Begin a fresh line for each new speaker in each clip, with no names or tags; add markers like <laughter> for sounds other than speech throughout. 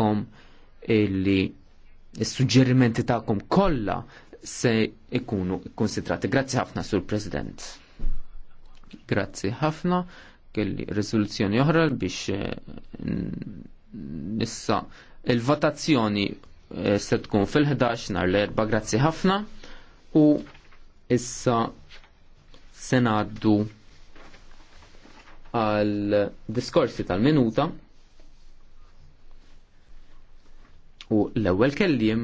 kom illi il-sugġerimenti ta'kom kolla se ikunu konsidrati. Grazzi ħafna, Sur President. Grazzi ħafna, kelli rezoluzzjoni oħra biex eh, nissa il-votazzjoni eh, se tkun fil-11 nar l-erba, grazzi ħafna, u issa senaddu għal diskorsi tal-minuta U l-ewwel kelliem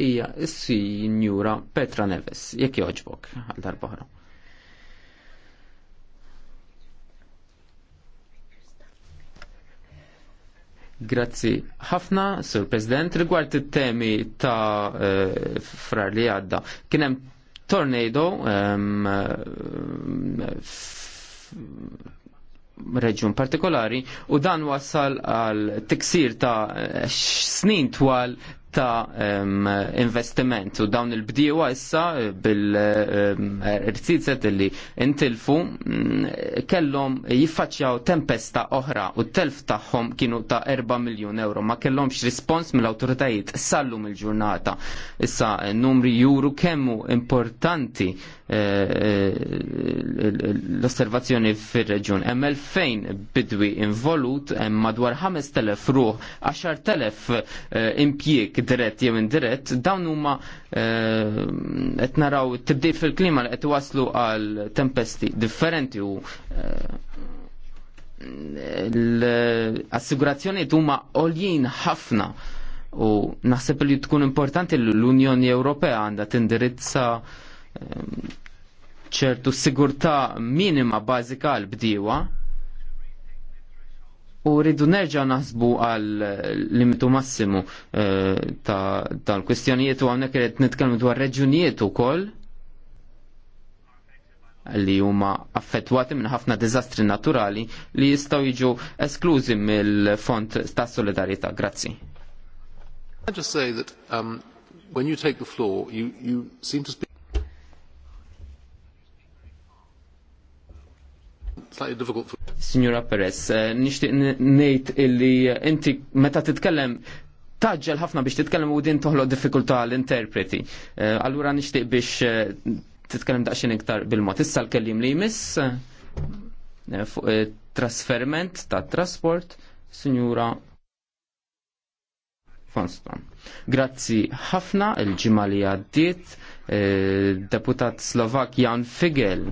hija s-sinjura Petra Neves, jekk joġbok għal darbohra. Grazzi. Ħafna, Sur President, rigward it-temi ta' eh, frar li għadda. Kien hemm tornado um, reġjun partikolari u dan wassal għal tiksir ta' snin twal ta' investiment u dawn il-bdiewa issa eh, bil-rtizet eh, li intilfu mm, kellhom jiffaċċjaw tempesta oħra u telf tagħhom kienu ta' 4 miljun euro ma kellhomx rispons mill-awtoritajiet sallum il-ġurnata. Issa eh, numri juru kemmu importanti l-osservazzjoni fir-reġjun. Hemm fejn bidwi involut, hemm madwar 5000 ruħ, 10000 impjieg dirett jew indirett, dawn huma eh, qed naraw tibdil fil-klima li qed waslu għal tempesti differenti u eh, l-assigurazzjoni huma għoljin ħafna u naħseb li tkun importanti l-Unjoni Ewropea għandha tindirizza eh, ċertu sigurtà minima bażika għal bdiewa u rridu nerġa' naħsbu għal limitu massimu eh, tal kwestjonijiet u għamnek qed nitkellmu dwar reġunijiet u koll li huma affettwati minn ħafna diżastri naturali li jistgħu jiġu esklużi mill-Fond ta' Solidarjetà. Grazzi.
I just say that um, when you take the floor, you, you seem to speak
slightly difficult for Signora Perez, eh, nixtieq ngħid illi inti meta titkellem taġġel ħafna biex titkellem u din toħloq diffikultà l-interpreti. Eh, allura nixtieq biex eh, titkellem daqsxejn iktar bil-mod. Issa l-kellim li jmiss fuq trasferment ta' trasport, Signora Fonston. Grazzi ħafna il-ġimgħa li għaddiet, deputat Slovak Jan Figel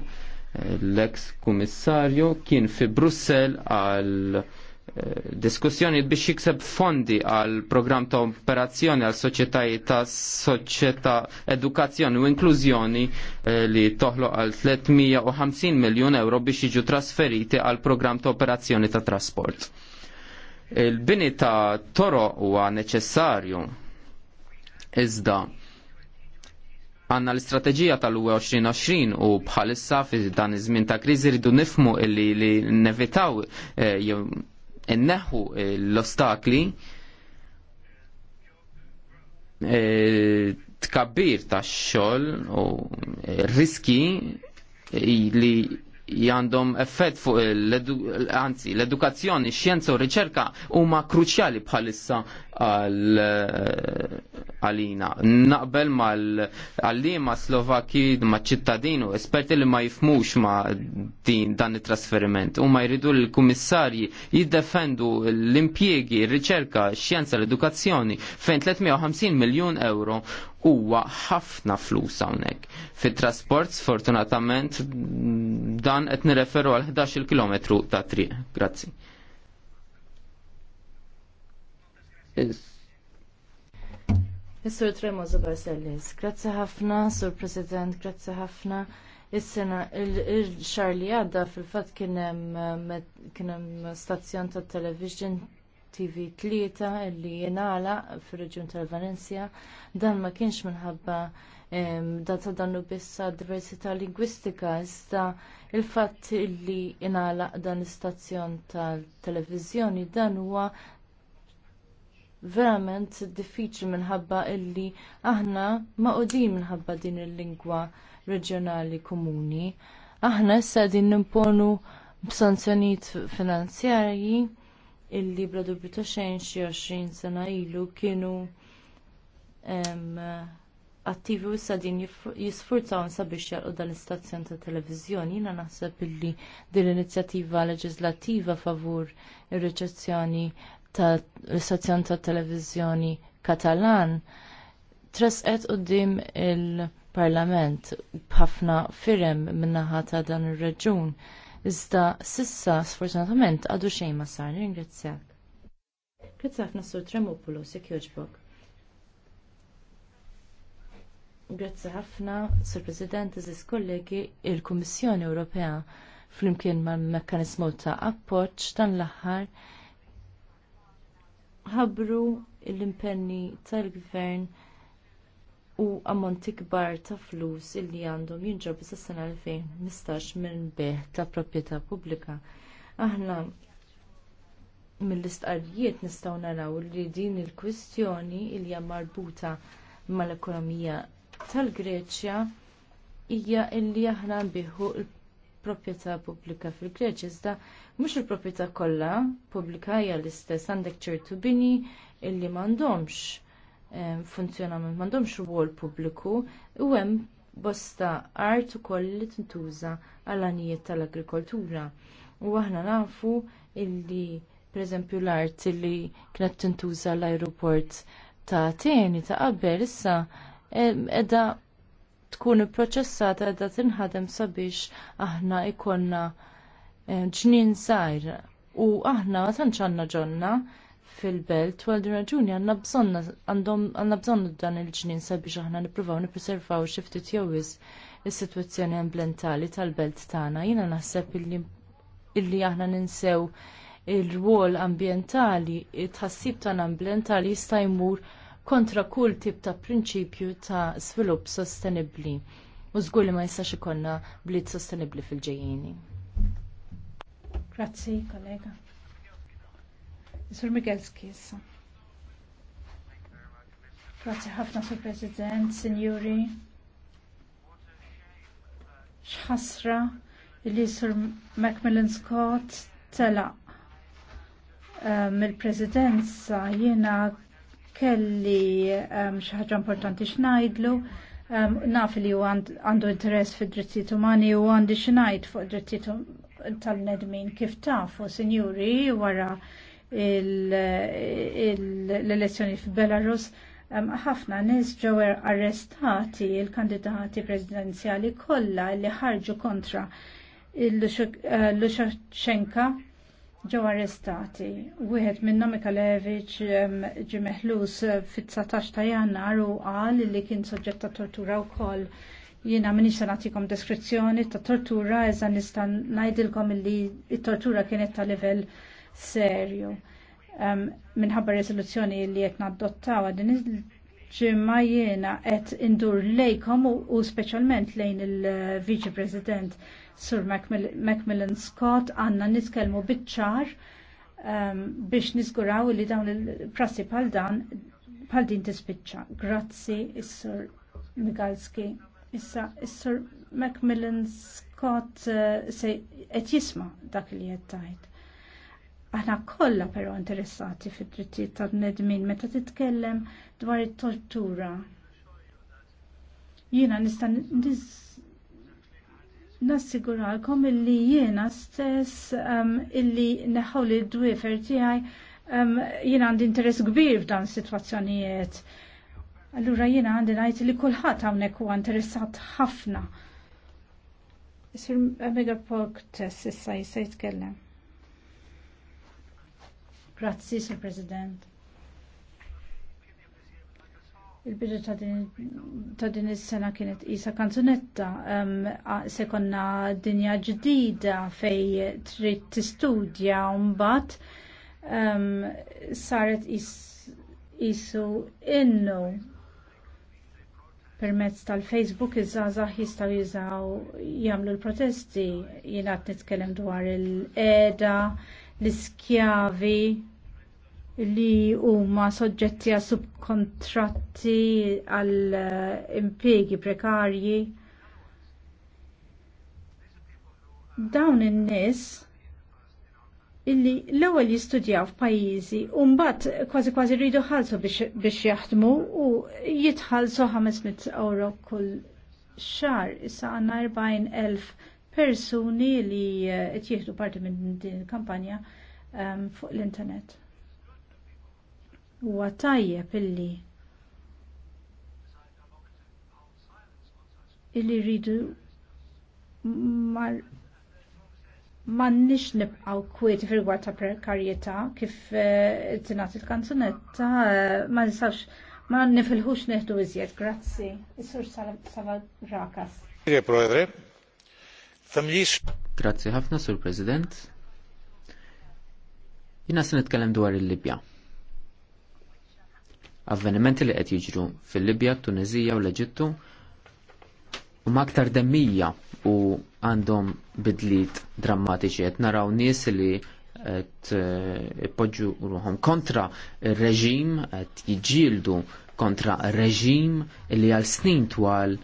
l ex kummissarju kien fi Brussel għal eh, diskussjoni biex jikseb fondi għal program ta' operazzjoni għal soċjetajiet ta' soċjetà edukazzjoni u inklużjoni eh, li toħloq għal 350 miljon euro biex jiġu trasferiti għal program ta' operazzjoni ta' trasport. Il-bini ta' toro huwa neċessarju iżda għanna l-istrateġija tal 2020 u bħalissa fi dan iż-żmien ta' kriżi rridu nifmu illi li nevitaw eh, inneħu eh, l-ostakli eh, tkabbir ta' xogħol u riski li jandom effett fuq anzi l-edukazzjoni, xjenza u riċerka huma kruċjali bħalissa għal għalina. Naqbel mal-għallima Slovaki ma' ċittadinu, esperti li ma' jifmux ma' din dan il-trasferiment u ma' jridu l-kummissarji jiddefendu l-impjiegi, r-riċerka, xjenza, l-edukazzjoni fejn 350 miljon euro huwa ħafna flus hawnhekk. Fit-trasport sfortunatament dan qed nirreferu għal 11 km ta' triq. Grazzi. Is
Is-Sur Tremozo Barcellis, grazzi ħafna, Sur President, grazzi ħafna. Is-sena, il-xar li għadda fil-fat kienem stazzjon ta' television TV 3 li jenala fil-reġjun tal-Valencia. Dan ma kienx minħabba ta' dannu bissa diversità lingwistika, iżda il-fatt li inala dan l-istazzjon tal-televizjoni dan huwa verament diffiċli minħabba illi aħna maqudin minħabba din il-lingwa reġjonali komuni. Aħna issa din nimponu b'sanzjonijiet finanzjarji illi bla dubju ta' xejn xi 20 sena ilu kienu attivi u sadin jisfurzaw sabiex jalqu dan l-istazzjon ta' televiżjoni, jiena naħseb illi din l-inizjattiva leġislattiva favur ir-reċezzjoni tal-istazzjon tat televizjoni Katalan tresqet quddiem il-Parlament b'ħafna firem min-naħa ta' dan ir-reġun. Iżda sissa sfortunatament għadu xejn ma sar, ringrazzjak. Grazzi ħafna Sur Tremopoulos, jekk jogħġbok. Grazzi ħafna, Sur President, eżis kollegi, il-Kummissjoni Ewropea flimkien mal-mekkanizmu ta' appoġġ dan l-aħħar ħabru l-impenni tal-gvern u ammonti kbar ta' flus illi għandhom jinġabru s sena 2015 minn beħ ta' proprjetà pubblika. Aħna mill-istqarrijiet nistgħu naraw li din il-kwistjoni li hija marbuta mal-ekonomija tal-Greċja hija illi aħna nbiħu l proprjetà pubblika fil-Greċja iżda mhux il-proprjetà kollha pubblika hija l-istess għandek ċertu bini illi m'għandhomx funzjonament m'għandhomx rwol pubbliku u hemm bosta art ukoll li tintuża għal anijiet tal-agrikoltura. U aħna nafu illi pereżempju l-art li kienet tintuża l-ajruport ta' Ateni ta' qabel issa edha tkun ipproċessata edha tinħadem sabiex aħna ikonna eh, ġnien żgħir u aħna ma tantx għandna ġonna fil-belt u għaldin raġuni għanna bżonna għanna dan il-ġnien sabiex aħna nippruvaw nippreservaw xi ftit wisq is-sitwazzjoni ambjentali tal-belt tagħna. Jiena naħseb illi aħna ninsew ir-rwol ambjentali, it-tħassib tan ambjentali jista' jmur kontra kull tip ta' prinċipju ta' svilupp sostenibbli u żgur li ma jistax ikollna blid sostenibbli fil ġejjini
Grazzi, kollega. Sur Migelski, issa. Grazzi ħafna, Sur President, Signori. Xħasra li Sur Macmillan Scott tela eh, mill-presidenza jiena kelli um, xaħġa importanti xnajdlu, um, naf li u għandu interess fi drittijiet umani u għandi xnajd fuq drittijiet um, tal-nedmin kif tafu, sinjuri, wara l-elezzjoni f'Belarus, ħafna nies nis ġew arrestati il-kandidati presidenzjali kollha li ħarġu kontra l-Lushchenka uh, ġew arrestati. Wieħed minnhom Mikalevich ġie meħlus fit-19 ta' Jannar u qal li kien soġġett ta' tortura wkoll. Jiena miniex se nagħtikom deskrizzjoni ta' tortura iżda nista' ngħidilkom li t-tortura kienet ta' livell serju. Um, minħabba riżoluzzjoni li qed naddottaw din ġimma jiena qed indur lejkom u speċjalment lejn il-Viċi President Sur Macmillan Scott għandna nitkellmu biċ-ċar ehm, biex nizguraw li dawn il-prassi bħal dan bħal din tispiċċa. Grazzi, is-Sur Migalski. Issa, is-Sur Macmillan Scott eh, se qed jisma' dak li qed Aħna kollha però interessati fid-drittijiet ta' nedmin meta titkellem dwar it-tortura. Jiena nista' nassiguralkom illi jiena stess um, illi neħaw id dwifer tiegħi um, jiena għandi interess kbir f'dan sitwazzjonijiet Allura jiena għandi ngħid li kulħadd hawnhekk huwa interessat ħafna. Sir Megapok tess issa jista' jitkellem. Grazzi, Sir President. Il-bidu ta' din is-sena kienet isa kanzunetta um, se konna dinja ġdida fej trid tistudja mbagħad um, saret is, isu innu permezz tal-Facebook iż-żgħażagħ jistgħu jużaw jagħmlu l-protesti jiena qed nitkellem dwar il-qeda, l-iskjavi li huma soġġetti għal subkontratti għal eh, impiegi prekarji. Dawn in-nies illi l-ewwel jistudjaw f'pajjiżi u mbagħad kważi kważi rridu ħalsu biex jaħdmu u jitħallsu 500 euro kull xar issa għandna 40,000 persuni li eh, qed jieħdu parti minn din il-kampanja ehm, fuq l-internet. Huwa tajjeb illi illi rridu nix nibqaw kwiet fil-gwar ta' prekarjetà kif eh, tinat il-kanzunetta eh, ma nisawx ma nifilħux neħdu iżjed. Grazzi. Is-sur Salagrakas.
Rakas.
Grazzi ħafna, Sur President. Jina se nitkellem dwar il-Libja. Avvenimenti li qed jiġru fil-Libja, Tunizija u l-Eġittu U aktar demmija u għandhom bidliet drammatiċi qed naraw nies li qed eh, ipoġġu ruhom kontra ir-reġim qed jiġġieldu kontra reġim li għal snin twal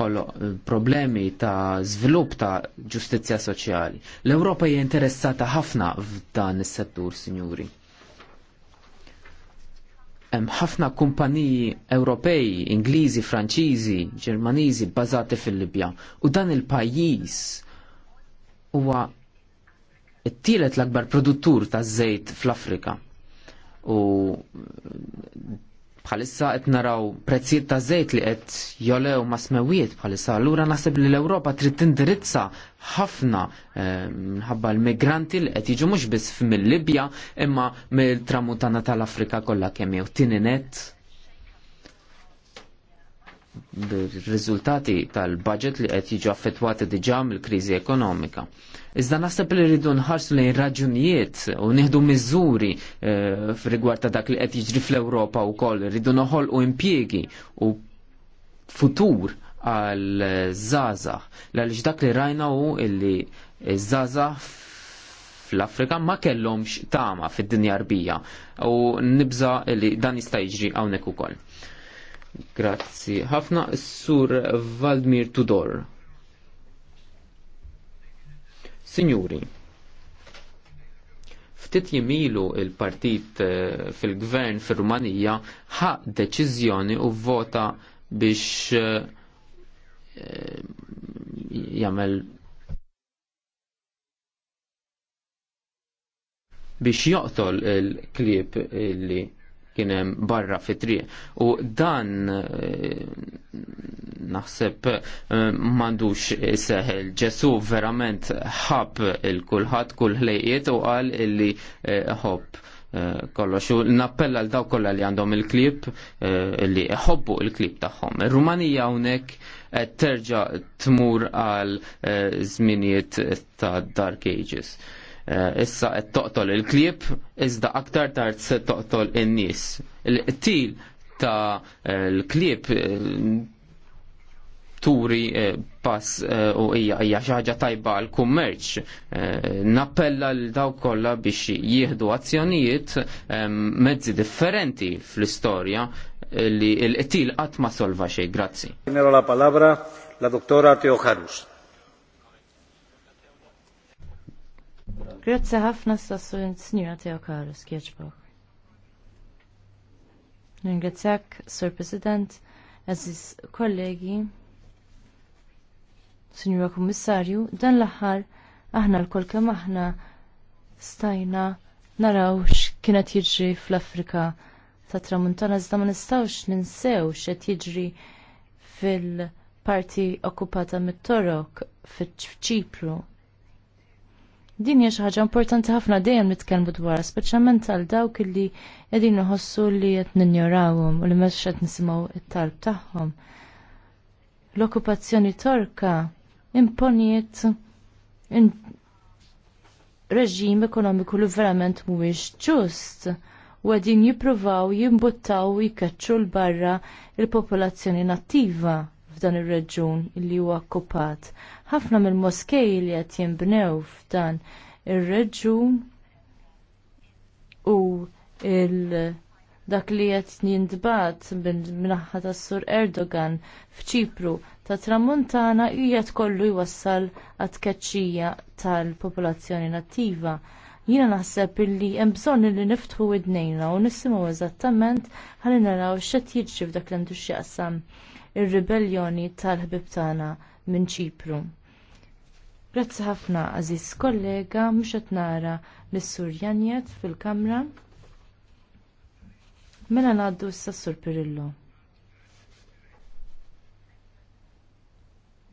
toħoloq eh, problemi ta' żvilupp ta' ġustizzja soċjali. L-Ewropa hija interessata ħafna f'dan is-settur, sinjuri. Hemm ħafna kumpaniji Ewropej, Ingliżi, Franċiżi, Ġermaniżi bbażati fil-Libja u dan il-pajjiż huwa t-tielet l-akbar produttur ta' żejt fl-Afrika. U bħalissa qed naraw prezzijiet ta' żejt li qed jolew ma' smewiet bħalissa, allura naħseb li l-Ewropa trid tindirizza ħafna eh, minħabba l-migranti li qed jiġu mhux biss mill-Libja imma mill-tramuntana tal-Afrika kollha kemm jew tieni bir-riżultati tal-budget li qed jiġu affettwati diġà mill-kriżi ekonomika. Iżda naħseb li rridu nħarsu lejn raġunijiet u nieħdu miżuri eh, f'rigward ta' dak li qed jiġri fl-Ewropa wkoll, rridu noħolqu impjiegi u futur għal zaza għaliex dak li rajna hu illi zaza fl-Afrika ma kellhomx tama fid-dinja rbija u nibża li dan jista' jiġri hawnhekk ukoll. Grazzi. Ħafna s-sur Valdmir Tudor. Signori, ftit jimilu il-partit eh, fil-gvern fil-Rumanija ħa deċizjoni u vota biex eh, jagħmel biex joqtol il-klib li kien hemm barra fit-triq. U dan eh, naħseb eh, m'għandux seħel. Ġesu verament ħab il-kulħadd kull ħlejqiet u qal illi eh, ħobb kollox. U nappella l-daw kollha li għandhom il-klib li ħobbu il-klib tagħhom. Ir-Rumanija hawnhekk terġa' tmur għal żminijiet ta' Dark Ages. Eh, issa qed toqtol il-klieb iżda aktar tard se toqtol in-nies. Il-qtil ta' l-klieb eh, turi eh, pass u hija hija xi ħaġa tajba għal kummerċ. Nappella l daw kollha biex jieħdu azzjonijiet mezzi differenti fl-istorja li l-qtil qatt ma solva xejn. Grazzi.
la palabra la doktora Teoharus. Grazzi ħafna sassu n-snira tiegħu Karus Kieċbok. Ringrazzjak, Sur President, Aziz kollegi, Signora Kummissarju, dan l-aħħar aħna l-kol kemm aħna stajna naraw x'kienet jiġri fl-Afrika ta' tramuntana iżda ma nistgħux ninsew x'qed jiġri fil-parti okkupata mit-Torok fiċ-Ċipru Din hija xi ħaġa importanti ħafna dejjem nitkellmu dwarha, speċjalment għal dawk li qegħdin iħossu li qed ninjorawhom u li mhux qed nisimgħu t-talb tagħhom. L-okkupazzjoni torka imponiet reġim ekonomiku li verament mhuwiex ġust u għedin jipruvaw jimbuttaw jikkaċċu l-barra il-popolazzjoni nattiva f'dan ir-reġun li huwa okkupat. Ħafna mill-moskej li qed jinbnew f'dan ir-reġun u il dak li qed jintbagħat minaħħa tas-Sur Erdogan f'Ċipru ta' Tramuntana hija kollu jwassal għat tkeċċija tal-popolazzjoni nattiva. Jiena naħseb illi hemm bżonn li niftħu id-nejna u nisimgħu eżattament ħalli naraw x'qed jiġri f'dak l-għandu x'jaqsam ir-ribellioni tal-ħbib tagħna minn Ċipru. Grazzi ħafna għażiż kollega mhux qed nara lis-Sur fil-Kamra. Mela ngħaddu issa Sur Pirillo.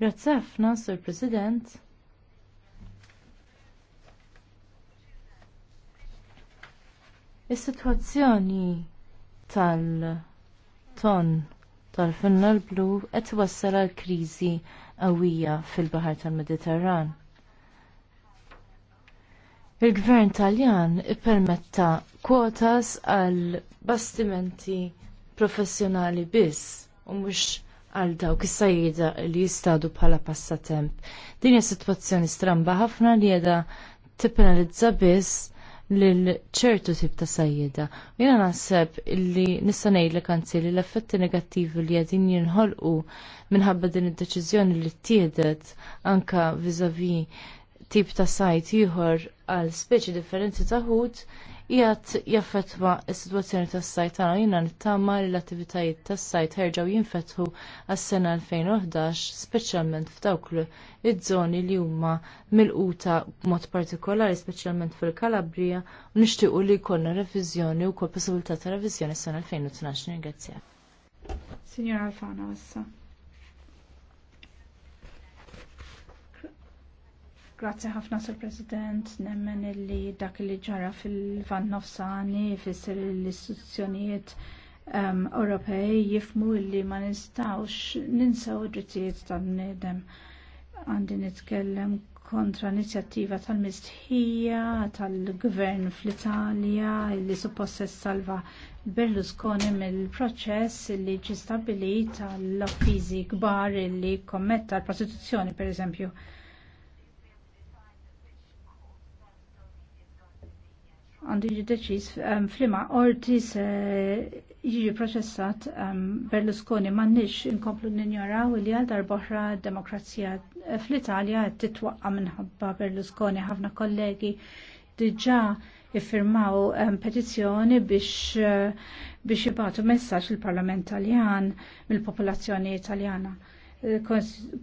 Grazzi ħafna, Sur President. Is-sitwazzjoni tal-ton tal-finna l-blu qed wassal għal kriżi qawwija fil-Baħar tal-Mediterran. Il-Gvern Taljan ippermetta kwotas għal bastimenti professjonali biss u mhux għal dawk is-sajjida li jistadu bħala passatemp. Din hija sitwazzjoni stramba ħafna li qiegħda tippenalizza biss l-ċertu tip ta' sajjeda. Jena naħseb li nista' ngħidlek kanzi li l-effetti negattivi li qegħdin jinħolqu minħabba din id-deċiżjoni li t-tiedet anka vizavi tip ta' sajt ieħor għal speċi differenti ta' jgħat jaffetwa s-situazzjoni tas sajt għana jina nittama li l-attivitajiet tas sajt ħerġaw jinfetħu għas-sena 2011, speċjalment f'dawk iż-żoni li huma milquta b'mod partikolari, speċjalment fil-Kalabrija, u nixtiequ li jkollna reviżjoni u kol possibilità ta' reviżjoni s-sena 2012. Grazie.
Signora Alfana issa. Grazie ħafna sur President, nemmen illi dak li ġara fil-Van Nofsani, fissir l-istituzzjonijiet um, Ewropej jifmu illi ma nistawx ninsaw id-drittijiet tal-bnedem. Għandi nitkellem kontra inizjattiva tal-mistħija tal-gvern fl-Italja li suppost salva Berlusconi mill-proċess illi ġi stabilit tal-offizi kbar li kommetta l-prostituzzjoni per eżempju għandu jiġi deċiż ehm, flima orti se eh, jiġi proċessat Berlusconi ehm, Berlusconi m'għandniex inkomplu ninjoraw li għal darboħra demokrazija eh, fl-Italja qed titwaqqa minħabba Berlusconi ħafna kollegi diġa' iffirmaw petizjoni ehm, petizzjoni biex eh, biex jibatu messaġġ il-Parlament Taljan mill-popolazzjoni Italjana.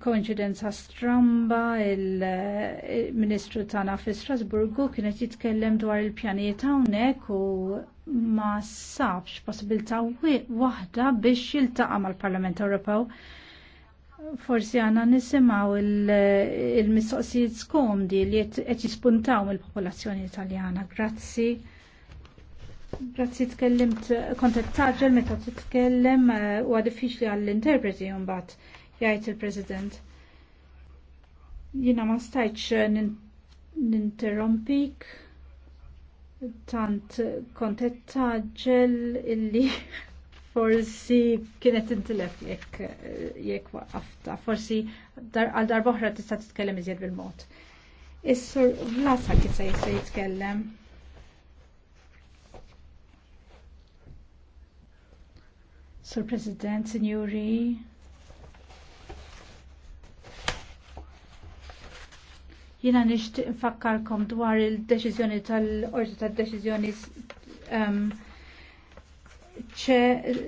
Konċidenza stramba il-Ministru eh, tana fi Strasburgu kienet jitkellem dwar il-pjaniet hawnhekk u ma sabx possibilità waħda biex jiltaqa' mal-Parlament Ewropew. Forsi għanna nisimaw il-mistoqsijiet skomdi li qed jispuntaw mill-popolazzjoni Italjana. Grazzi. Grazzi tkellimt kontet taġel meta titkellem eh, u għad diffiċli għall-interpreti mbagħad jgħid il-President. Jina ma stajċ eh, ninterrompik tant kontetta ġel illi <laughs> forsi kienet intilef jekk eh, jekk waqafta, forsi għal darboħra tista' titkellem iżjed bil-mod. Is-sur Vlasa kif se jista' jitkellem. Sur President, Signori, Jina nisht infakkarkom dwar il-deċizjoni tal-orġi tal-deċizjoni ċe ehm,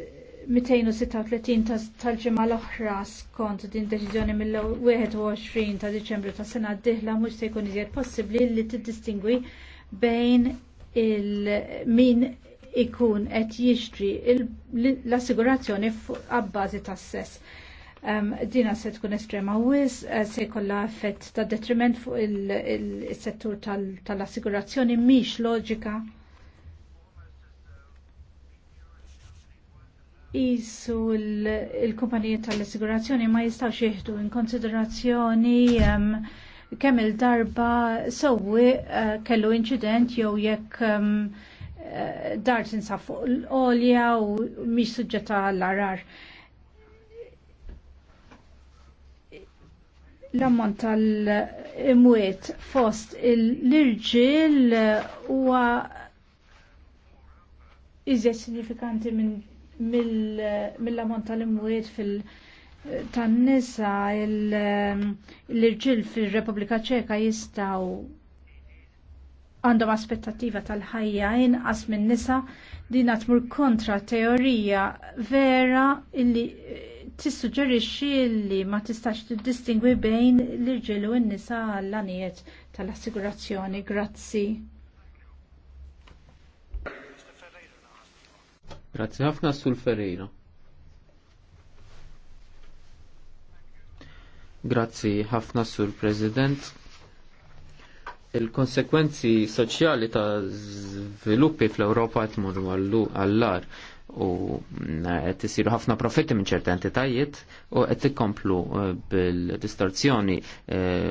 236 tal-ġimgħa l-oħra skont din deċiżjoni mill-21 ta' Diċembru ta' sena d-dieħla mhux se jkun iżjed possibbli li tiddistingwi bejn il-min ikun qed jixtri l-assigurazzjoni fuq abbażi tas-sess um, dina se tkun estrema wis, eh, se kolla effett ta' detriment fuq il-settur il tal-assigurazzjoni tal miex loġika. Isu il-kumpanija il kumpanijiet il tal assigurazzjoni ma jistawx jihdu in konsiderazzjoni um, kemm il-darba sewwi uh, kellu incident jew jekk um, uh, dar tinsab fuq l-olja u miex suġġetta l-arar. l-ammont tal-imwiet fost l-irġil huwa iżjed sinifikanti mill-ammont tal-imwiet fil- tan-nisa l-irġil fil-Repubblika Ċeka jistaw għandhom aspettattiva tal-ħajja inqas minn nisa din tmur kontra teorija vera illi tissuġġerixxi li ma tistax tiddistingwi bejn l-irġiel u n-nisa għall-għaniet tal-assigurazzjoni. Grazzi.
Grazzi ħafna sul Ferreira. Grazzi ħafna sur President. Il-konsekwenzi soċjali ta' sviluppi fl-Europa tmur għallar u tisiru mm, ħafna profitti minn ċerta entitajiet u qed tikkomplu eh, bil-distorzjoni eh,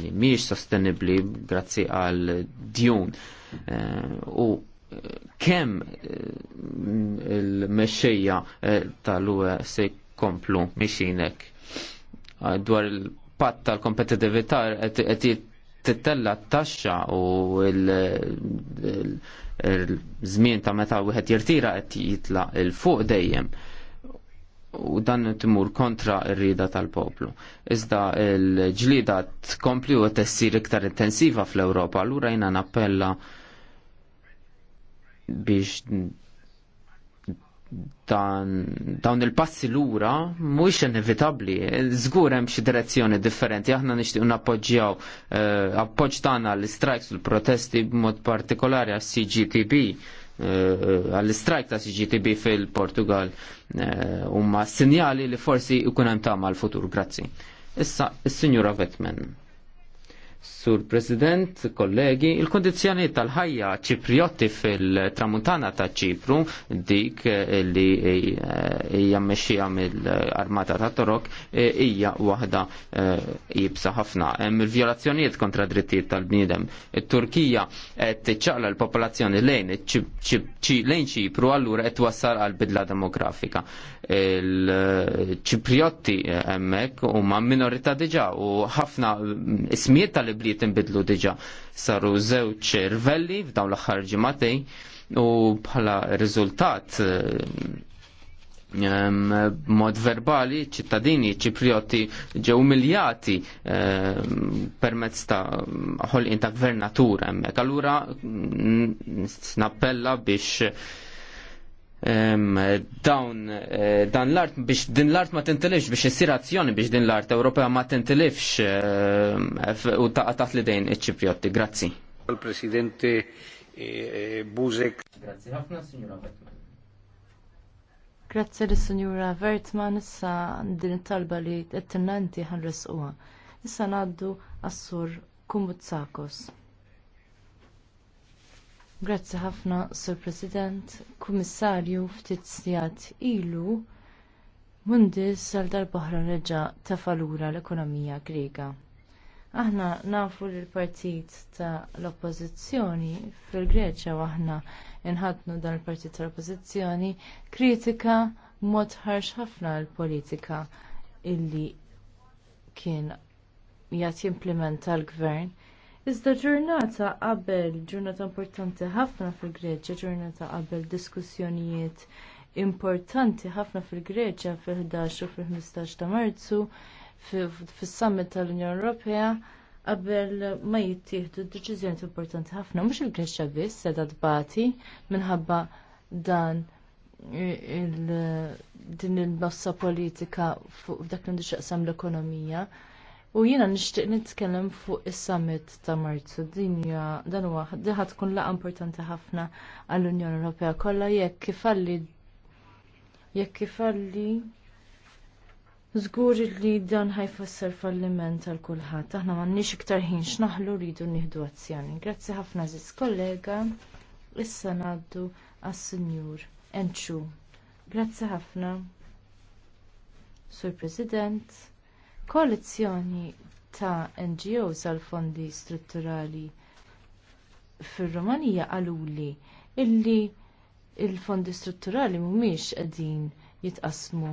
li mhijiex sostenibbli grazzi għal djun. Eh, u kemm il-mexxejja tal-UE se jkomplu miexinek dwar il-patt tal-kompetitività qed tittella t-taxxa u l-żmien ta' meta wieħed jirtira qed jitla il fuq dejjem u dan timur kontra r-rida tal-poplu. Iżda l-ġlida tkompli u tessir iktar intensiva fl-Ewropa, lura jina nappella biex dan dawn il-passi lura mhuwiex inevitabbli. Żgur hemm xi direzzjoni differenti. Aħna nixtieq nappoġġjaw eh, appoġġ tagħna l-strikes u l-protesti b'mod partikolari għas-CGTB eh, għall strike ta' CGTB fil-Portugal eh, huma sinjali li forsi jkun hemm tama l-futur. Grazzi. Issa, is-Sinjura Vetman. Sur President, kollegi, il-kondizjoni tal-ħajja ċipriotti fil-tramuntana ta' ċipru, dik eh, li eh, hija mmexxija mill-armata ta' Torok, eh, hija waħda jibsa ħafna. Hemm il-vjolazzjonijiet kontra drittijiet tal-bniedem. Turkija qed ċaqla l-popolazzjoni lejn lejn ċipru allura qed wassal għal bidla demografika. Il-ċipriotti hemmhekk huma minorità diġà u ħafna ismijiet tal bliet imbidlu diġa. Saru żewġ rivelli f'dawn l-aħħar ġimatej u bħala riżultat ehm, mod verbali ċittadini ċiprioti ġew miljati ehm, permezz ta' ħolqien ta' gvernatura hemmhekk. Allura nappella biex dawn eh, dan l-art biex din l-art ma tintilifx biex issir azzjoni biex din l-art Ewropea ma tintilifx eh, u taħt li dejn iċ-Ċipriotti. Grazzi. Il-Presidente eh, Buzek. Grazzi ħafna, Signora Vertman.
Grazzi li signora Vertman issa din it-talba li t-tennanti ħanresquwa. Issa naddu assur sur Grazzi ħafna, Sur President, Kummissarju ftit sjat ilu mundis għal darbaħra reġa ta' falura l-ekonomija Griega. Aħna nafu li l-partit ta' l-oppozizjoni fil-Greċja aħna inħadnu dan il-partit tal oppożizzjoni kritika mod ħarx ħafna l-politika illi kien jgħat jimplementa l-gvern Iżda ġurnata qabel, ġurnata importanti ħafna fil-Greċja, ġurnata qabel diskussjonijiet importanti ħafna fil-Greċja fil-11 u fil-15 ta' Marzu fis-summit tal-Unjoni Ewropea qabel ma jittieħdu deċiżjoni importanti ħafna. Mhux il-Greċja biss seda tbati minħabba dan din il bassa politika f'dak dak li xaqsam l-ekonomija U jiena nixtieq nitkellem fuq is-summit ta' Marzu. Dinja dan huwa diħa tkun laqgħa importanti ħafna għall-Unjoni Ewropea kollha jekk kifalli jekk kifalli żgur li dan ħajfasser falliment għal kulħadd. Aħna m'għandniex iktar ħin x'naħlu rridu nieħdu azzjoni. Grazzi ħafna żis kollega. Issa ngħaddu għas-Sinjur Enċu. Grazzi ħafna. Sur President koalizzjoni ta' NGOs għal fondi strutturali fir-Rumanija għaluli illi il-fondi strutturali mhumiex qegħdin jitqasmu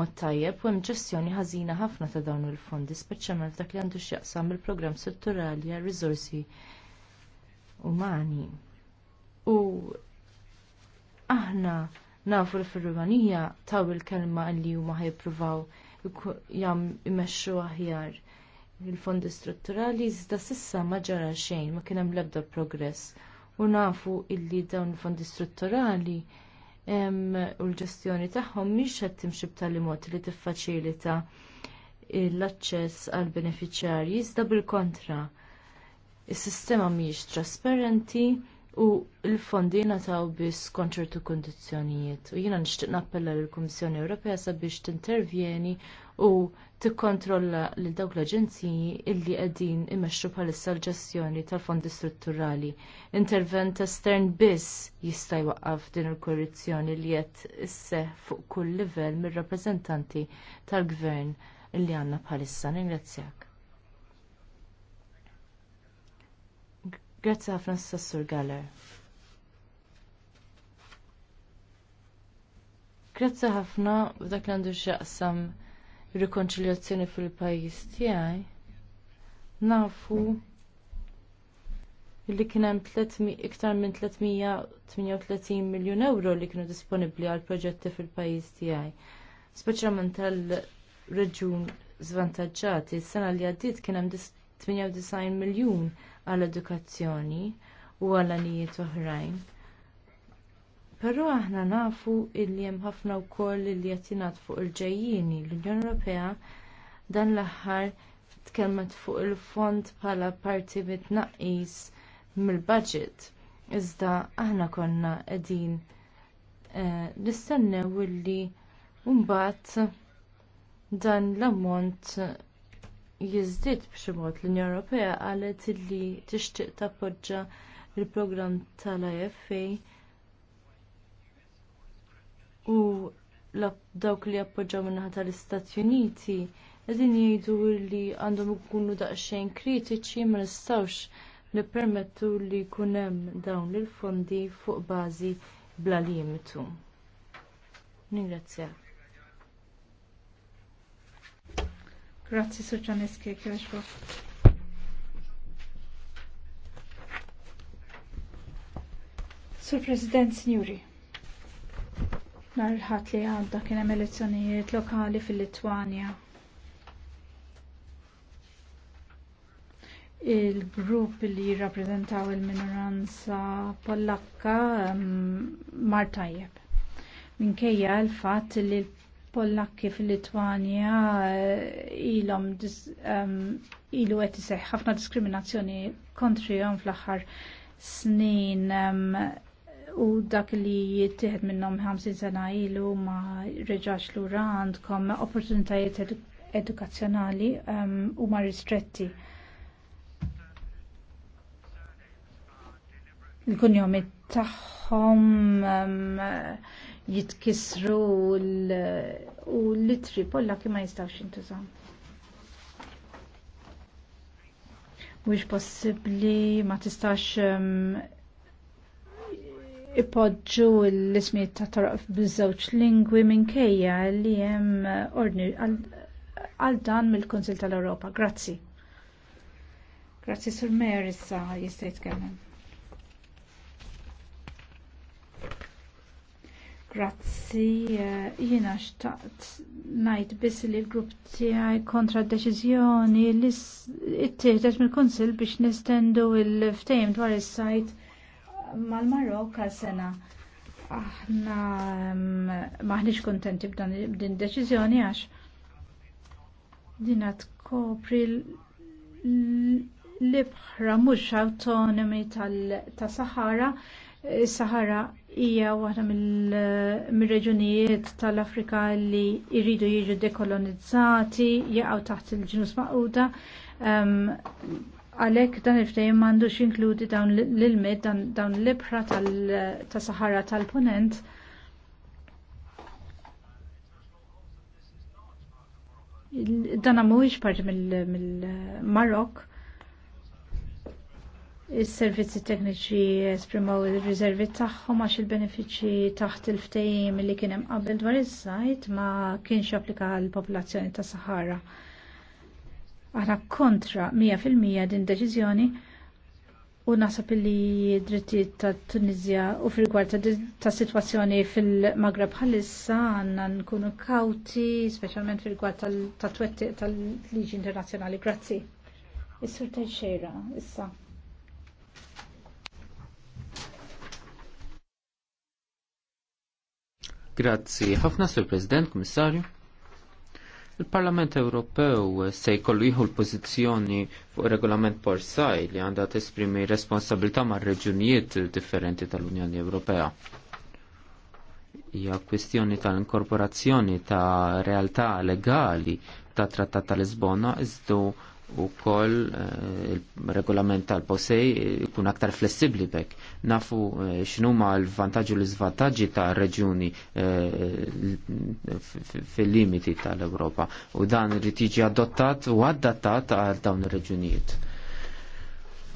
mod tajjeb u hemm ġestjoni ħażina ħafna ta' dawn il-fondi, speċjalment dak li għandu x'jaqsam il-programm strutturali għar riżorsi umani. U aħna nafu li fir-Rumanija taw il-kelma li huma ħajpruvaw jam imexxu aħjar il-fondi strutturali iżda sissa ma ġara xejn ma kien hemm l-ebda progress u nafu illi dawn il-fondi strutturali u l-ġestjoni tagħhom mhix qed timxi b'tali mod li tiffaċilita l-aċċess għall benefiċjarji iżda bil-kontra. il sistema mhijiex trasparenti, u l-fondi nataw biss konċertu kundizzjonijiet. U jiena nixtieq nappella lill-Kummissjoni Ewropea sabiex tintervjeni u tikkontrolla lil dawk l-aġenziji illi qegħdin imexxu bħalissa l-ġestjoni tal-fondi strutturali. Intervent estern biss jista' jwaqqaf din il-korruzzjoni li qed isseħħ fuq kull livell mir-rappreżentanti tal-gvern illi għandna bħalissa. Ningrazzjak. Grazzi ħafna s-sassur Galler. Grazzi ħafna dak li għandu xaqsam rikonċiljazzjoni fil-pajis tiegħi. Nafu li kien hemm iktar minn 338 miljun euro li kienu disponibbli għal proġetti fil-pajis tiegħi. Speċjalment tal-reġun żvantaġġati, s-sena li għaddiet kien hemm 98 miljun għall edukazzjoni u għal anijiet oħrajn. Però aħna nafu illi hemm ħafna wkoll li qed jingħad fuq il-ġejjieni l-Unjoni Ewropea dan l-aħħar tkellmet fuq il-fond bħala parti mit-tnaqqis mill-budget. Iżda aħna konna qegħdin eh, nistennew illi mbagħad dan l-ammont jiżdied b'xi mod l-Unjoni Ewropea qalet li tixtieq tappoġġa l programm tal-IFA u dawk li appoġġaw min-naħa tal-Istati Uniti qegħdin jgħidu li għandhom ikunu daqsxejn kritiċi ma nistgħux nippermettu li jkun hemm dawn il-fondi fuq bażi bla limitu. Ningrazzjak. Grazzi,
Soċaneski, kjoġbo. Sur President, Signori, narħat li għadda kien hemm elezzjonijiet lokali fil litwania il-grupp li jirrappreżentaw il-minoranza pollakka mm, mar tajjeb. Minkejja l-fatt li l Pollakki fil litwania eh, ilom ehm, ilu għet iseħħ ħafna diskriminazzjoni kontri kontrihom fl axar snin ehm, u dak li jittieħed minnom 50 sena ilu ma reġax l lura kom opportunitajiet edukazzjonali ehm, u ma ristretti. Il-kunjomit taħħom jitkisru u l-litri polla kima jistaw xintużaw. Mux possibli ma tistax um, ipoġġu l-ismijiet ta' toroq b'żewġ lingwi minkejja li hemm uh, ordni għal dan mill kunsill tal-Ewropa. Grazzi. Grazzi Sur Mary issa jista' jitkellem. Grazzi, eh, jiena xtaqt najt biss li l-grupp tiegħi kontra d-deċiżjoni li ttieħdet mill-Kunsill biex nistendu l-ftehim dwar is-sajt mal-Marok għal sena. Aħna mm, maħniex kontenti b'din deċiżjoni għax dina tkopri l-ibħra mhux autonomi tal-Sahara. sahara is-Sahara hija waħda mill-reġunijiet tal-Afrika li jridu jiġu dekolonizzati, jaqgħu taħt il-ġinus maquda. Għalhekk dan il-ftehim m'għandux jinkludi dawn l-ilmed, dawn l-ibra tas-Sahara tal-Punent. Dan mhuwiex parti mill-Marok. Is-servizzi tekniċi esprimaw il-riservi tagħhom għax il-benefiċċji taħt il-ftehim li kien hemm qabel dwar is-sajt ma kienx applika għall popolazzjoni ta' Sahara. Aħna kontra 100% din deċiżjoni u nasab li drittijiet ta' Tunizja u fil-gwar ta' situazzjoni fil-Magreb bħalissa għandna nkunu kawti, speċjalment fil-gwar tal-twettiq tal-liġi internazzjonali. Grazzi. Is-sur xejra issa.
Grazzi. Ħafna sur President, Komissarju. Il-Parlament Ewropew se jkollu jieħu l-pożizzjoni fuq regolament Porsaj li għandha tesprimi responsabilità mar reġunijiet differenti tal-Unjoni Ewropea. Hija kwestjoni tal-inkorporazzjoni ta' realtà legali ta' Trattat ta' Lisbona iżdu u koll eh, il-regolament tal-posej ikun aktar flessibli bek. Nafu eh, ma l-vantaġġi u l-iżvantaġġi ta' reġjuni eh, fil-limiti tal-Ewropa u dan irid jiġi adottat u adattat għal dawn ir-reġjunijiet.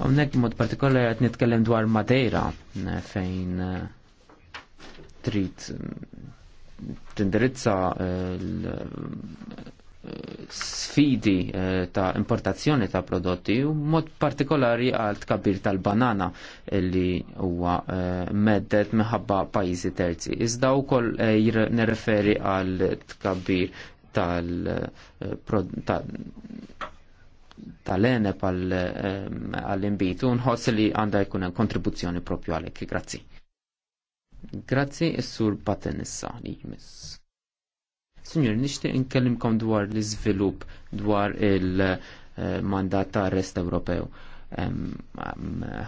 Hawnhekk mod partikolari qed nitkellem dwar Madeira fejn trid tindirizza l sfidi eh, ta' importazzjoni ta' prodotti u mod partikolari għal tkabbir tal-banana li huwa eh, meddet minħabba pajjiżi terzi. Iżda wkoll eh, nirreferi għal tkabbir tal-ene għall-imbitu nħoss li għandha jkun kontribuzzjoni propju għalek. Grazzi. Grazzi, s-sur Patenissa li jmiss. Signor, nixtieq inkellimkom dwar l-iżvilupp dwar il-mandat ta' arrest Ewropew.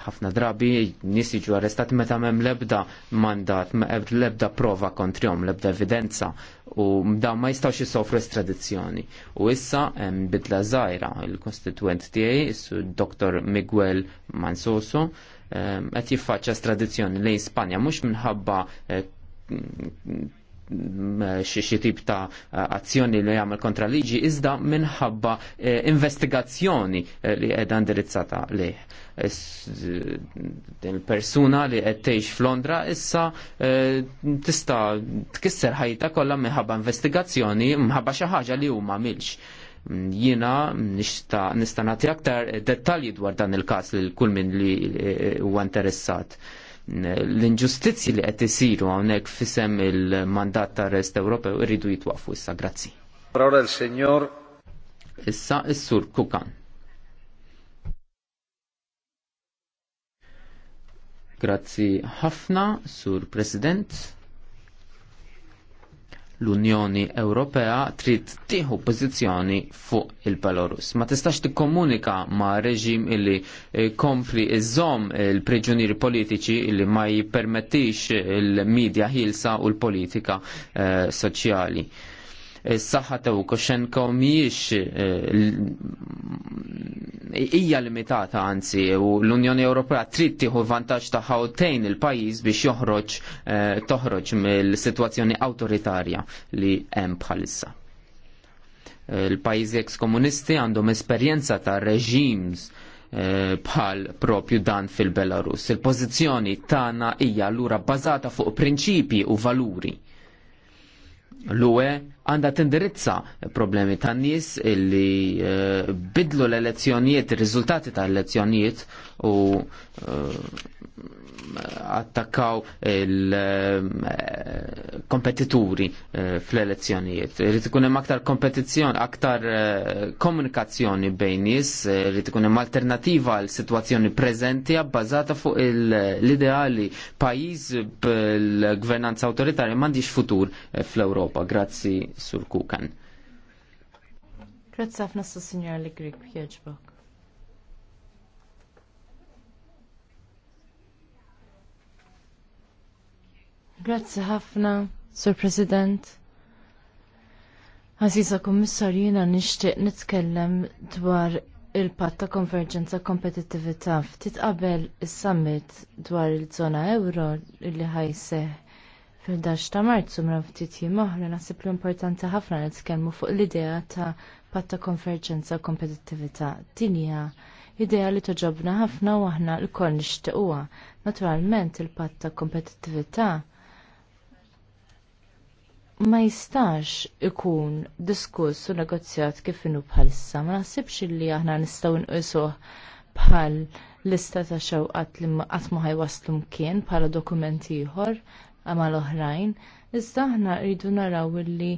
Ħafna drabi nies jiġu arrestati meta m'hemm l mandat, l-ebda prova kontrihom, l-ebda evidenza u da ma jistgħux jisofru estradizzjoni. U issa hemm bidla żgħira il-kostituent tiegħi, issu Dr. Miguel Mansoso, qed jiffaċċa estradizzjoni lejn Spanja mhux minħabba eh, Eh, xi tip ta' azzjoni li jagħmel kontra liġi iżda minħabba eh, investigazzjoni eh, li qiegħda indirizzata lih. Din persuna li qed tgħix f'Londra issa tista' tkisser ħajta kollha minħabba investigazzjoni minħabba xi ħaġa li huma milx jina nista nagħti aktar dettalji dwar dan il każ lil kull min li huwa interessat l-inġustizzi li qed isiru hawnhekk fisem il-mandat ta' rest Ewropew irridu jitwaqfu issa grazzi. Ora il signor Issa is-Sur Kukan. Grazzi ħafna, Sur President l-Unjoni Ewropea trid tieħu pożizzjoni fuq il-Belarus. Ma tistax tikkomunika ma' reġim illi eh, kompli iżomm il-preġunieri politiċi illi ma jippermettix il-medja ħilsa u l-politika eh, soċjali tew Koshenko mhijiex eh, hija limitata anzi u l-Unjoni Ewropea trid tieħu vantaġġ tagħha u il-pajjiż biex joħroġ eh, toħroġ mill-sitwazzjoni awtoritarja li hemm bħalissa il-pajjiżi komunisti għandhom esperjenza ta' reġims eh, bħal propju dan fil-Belarus. Il-pożizzjoni tagħna hija lura bbażata fuq prinċipji u valuri. L-UE għanda tindirizza problemi tan nies illi eh, bidlu l-elezzjonijiet, il-rizultati ta' elezzjonijiet u eh, attakkaw il-kompetituri eh, fl-elezzjonijiet. Rrit ikun hemm aktar kompetizzjoni, aktar komunikazzjoni bejn nies, rrit ikun hemm alternativa għal sitwazzjoni preżenti abbażata fuq l-ideali pajjiż bil-gvernanza awtoritarja m'għandix futur fl-Ewropa. Grazzi Sur Kukan.
Grazzi ħafna s signor li grik pjeġbok. Grazzi ħafna, Sur President. Għaziza Kommissarju, jina nishtiq nitkellem dwar il-patt ta' konverġenza kompetittività ftit qabel is-summit dwar il zona euro li ħajseħ fil-11 ta' marzu mra ftit oħra naħseb li importanti ħafna li tkellmu fuq l-idea ta' patta konverġenza u kompetittività. Din hija idea li toġobna ħafna u aħna l nixtiequha. Naturalment il-patta kompetittività ma jistax ikun diskuss u negozjat kif inhu bħalissa. Ma naħsibx li aħna nistgħu nqisuh bħal lista ta' xewqat li qatt ma ħajwaslu mkien bħala dokumenti ieħor l oħrajn, iżda aħna rridu naraw illi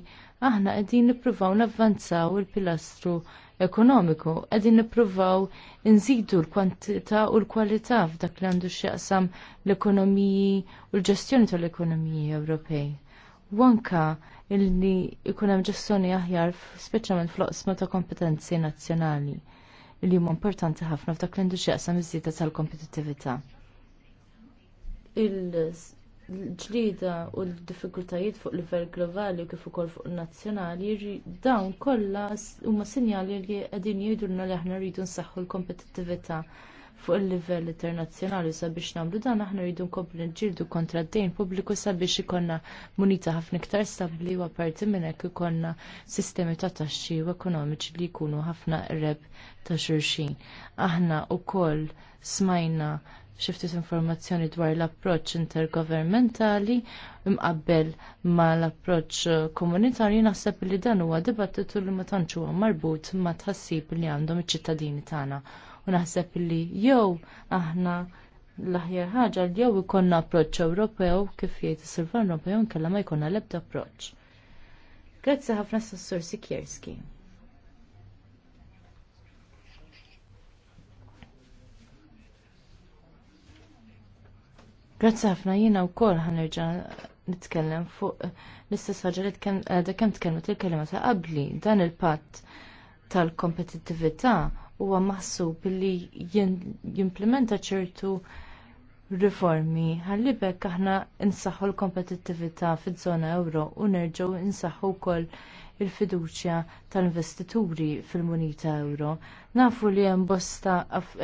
aħna qegħdin nippruvaw navvanzaw il-pilastru ekonomiku, qegħdin nippruvaw nżidu l-kwantità u l-kwalità f'dak li għandu x'jaqsam l-ekonomiji u l-ġestjoni tal-ekonomiji Ewropej. Wanka illi ikun hemm ġestjoni aħjar speċjalment fl-oqsma ta' kompetenzi nazzjonali li huma importanti ħafna f'dak li għandu x'jaqsam iż-żieda tal-kompetittività l-ġlida u l-diffikultajiet fuq livell globali u kif ukoll fuq nazzjonali dawn kollha huma sinjali li qegħdin jgħidulna li aħna rridu nsaħħu l-kompetittività fuq il-livell internazzjonali sabiex nagħmlu dan aħna rridu nkomplu nġildu kontra d-dejn pubbliku sabiex ikonna munita ħafna iktar stabbli u apparti minn hekk ikollna sistemi ta' taxxi u ekonomiċi li jkunu ħafna qreb ta' xulxin. Aħna wkoll smajna xiftit informazzjoni dwar l-approċ intergovernmentali mqabbel ma l-approċ komunitarju naħseb li dan huwa dibattitu li ma tantx huwa marbut ma tħassib li għandhom iċ-ċittadini tagħna. U naħseb li jew aħna l-aħjar ħaġa li jew ikonna approċċ Ewropew kif jgħid is-Silvan Ewropew kellha ma jkollna l-ebda approċċ. Grazzi ħafna s-Sur Sikjerski. Grazzi ħafna jiena wkoll ħanerġa' nitkellem fuq l-istess ħaġa li eh, kemm tkellmet il-kelma ta' qabli dan il-patt tal-kompetittività huwa maħsub li jimplementa ċertu riformi ħallibek aħna insaħħu l-kompetittività fiż-żona ewro u nerġgħu insaħħu wkoll il-fiduċja tal-investituri fil-munita euro. Nafu li hemm bosta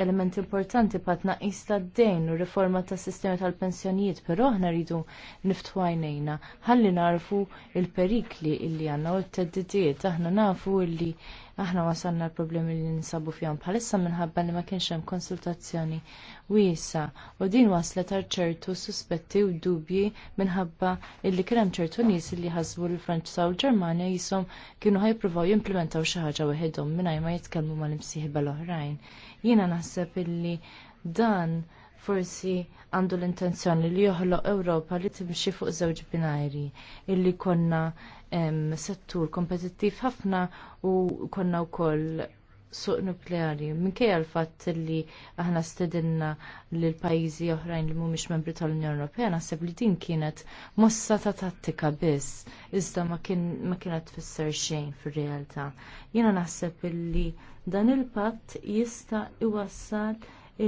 elementi importanti pa tnaqqis tad-dejn u riforma tas-sistema tal-pensjonijiet, però aħna rridu niftħu għajnejna ħalli narfu il-perikli illi għandna u t-teddidiet aħna nafu illi aħna wasalna l-problemi li ninsabu fihom bħalissa minħabba li ma kienx hemm konsultazzjoni wiesa u din waslet għal ċertu suspetti u dubji minħabba illi kien hemm ċertu nies li ħasbu l franċsa u l-Ġermanja jisom kienu ħajpruvaw jimplementaw xi ħaġa waħedhom mingħajr ma jitkellmu mal-imsieħba l-oħrajn. Jiena naħseb illi dan forsi għandu l-intenzjoni li joħloq Ewropa li timxi fuq żewġ binajri illi konna settur kompetittiv ħafna u konna wkoll suq nukleari. Minkejja l-fatt li aħna stedinna l pajjiżi oħrajn li mhumiex membri tal-Unjoni Ewropea, naħseb li din kienet mossa ta' tattika biss, iżda ma, kienet tfisser xejn fir-realtà. Jiena naħseb li dan il-patt jista' iwassal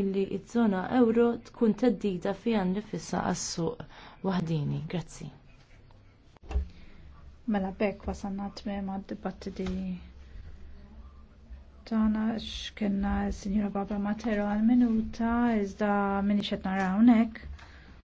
illi ż żona euro tkun teddida fiha nifisha għas-suq waħdini. Grazzi.
Mela bekk wasanna tmiem għad-dibattiti tana xkenna il-Sinjora Barbara Matero għal-minuta iżda minni qed rawnek. hawnhekk.